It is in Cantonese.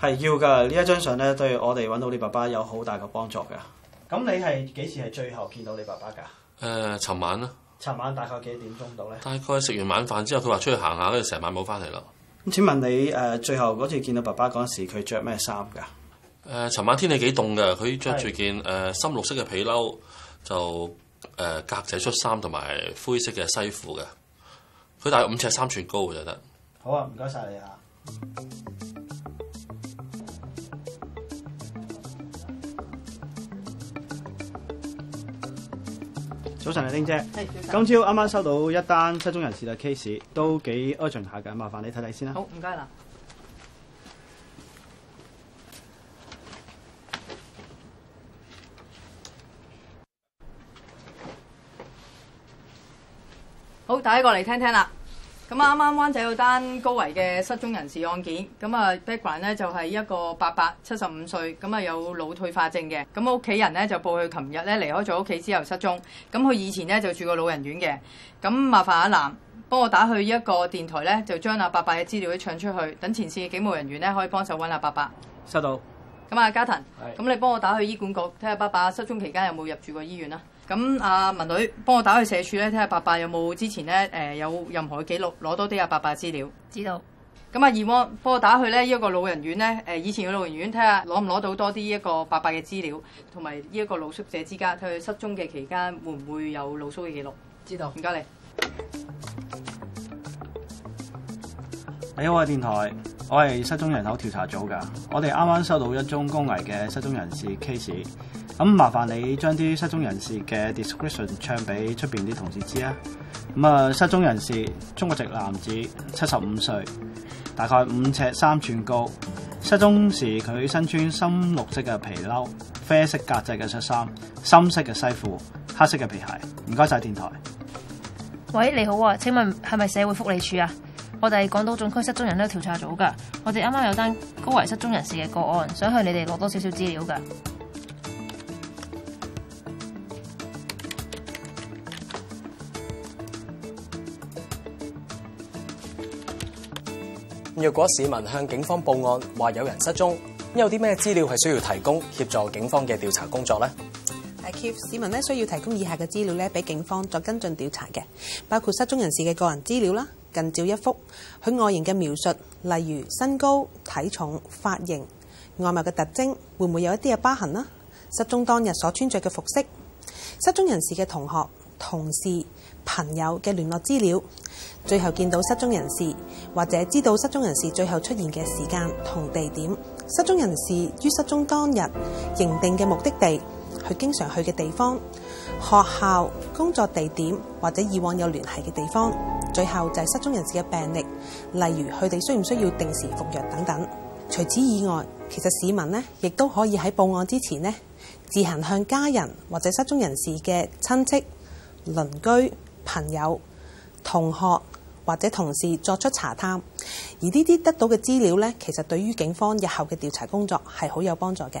係要噶，呢一張相咧，對我哋揾到你爸爸有好大個幫助嘅。咁你係幾時係最後見到你爸爸㗎？誒、呃，尋晚啦。尋晚大概幾點鐘到咧？大概食完晚飯之後，佢話出去行下，跟住成晚冇翻嚟啦。咁請問你誒、呃、最後嗰次見到爸爸嗰陣時候，佢着咩衫㗎？誒、呃，尋晚天氣幾凍嘅，佢着住件誒、呃、深綠色嘅皮褸，就誒、呃、格仔恤衫同埋灰色嘅西褲嘅。佢大概五尺三寸高就得。好啊，唔該晒你啊。嗯早晨啊，丁姐。係，早晨。今朝啱啱收到一單失蹤人士嘅 case，都幾 urgent 下嘅，麻煩你睇睇先啦。好，唔該啦。好，打一個嚟聽聽啦。咁啱啱灣仔有單，單高危嘅失蹤人士案件，咁啊 background 就係一個伯伯七十五歲，咁啊有腦退化症嘅，咁屋企人呢，就報佢琴日咧離開咗屋企之後失蹤，咁佢以前咧就住過老人院嘅，咁麻煩阿藍幫我打去一個電台呢，就將阿伯伯嘅資料都唱出去，等前線嘅警務人員呢，可以幫手揾阿伯伯。收到。咁阿嘉騰，咁你幫我打去醫管局，睇下伯伯失蹤期間有冇入住過醫院啊。咁阿、啊、文女，幫我打去社署咧，睇下伯伯有冇之前咧，誒、呃、有任何記錄，攞多啲阿伯伯資料。知道。咁阿二窩，幫、啊、我打去咧，一、呢個老人院咧，誒、呃，以前嘅老人院，睇下攞唔攞到多啲一個伯伯嘅資料，同埋呢一個露宿者之間，睇佢失蹤嘅期間，會唔會有露宿嘅記錄？知道。唔該你。你好，我是電台，我係失蹤人口調查組噶。我哋啱啱收到一宗高危嘅失蹤人士 case，咁麻煩你將啲失蹤人士嘅 description 唱俾出面啲同事知啊。咁啊，失蹤人士，中國籍男子，七十五歲，大概五尺三寸高。失蹤時佢身穿深綠色嘅皮褸、啡色格仔嘅恤衫、深色嘅西褲、黑色嘅皮鞋。唔該晒，電台。喂，你好啊，請問係咪社會福利處啊？我哋港島總區失蹤人口調查組噶，我哋啱啱有單高危失蹤人士嘅個案，想向你哋攞多少少資料噶。若果市民向警方報案，話有人失蹤，有啲咩資料係需要提供協助警方嘅調查工作咧？誒，keep 市民咧需要提供以下嘅資料咧，俾警方再跟進調查嘅，包括失蹤人士嘅個人資料啦。近照一幅，佢外形嘅描述，例如身高、體重、髮型、外貌嘅特徵會唔會有一啲嘅疤痕呢？失蹤當日所穿着嘅服飾，失蹤人士嘅同學、同事、朋友嘅聯絡資料，最後見到失蹤人士或者知道失蹤人士最後出現嘅時間同地點，失蹤人士於失蹤當日認定嘅目的地，佢經常去嘅地方。學校、工作地點或者以往有聯繫嘅地方，最後就係失蹤人士嘅病歷，例如佢哋需唔需要定時服藥等等。除此以外，其實市民呢亦都可以喺報案之前呢自行向家人或者失蹤人士嘅親戚、鄰居、朋友、同學或者同事作出查探，而呢啲得到嘅資料呢，其實對於警方日後嘅調查工作係好有幫助嘅。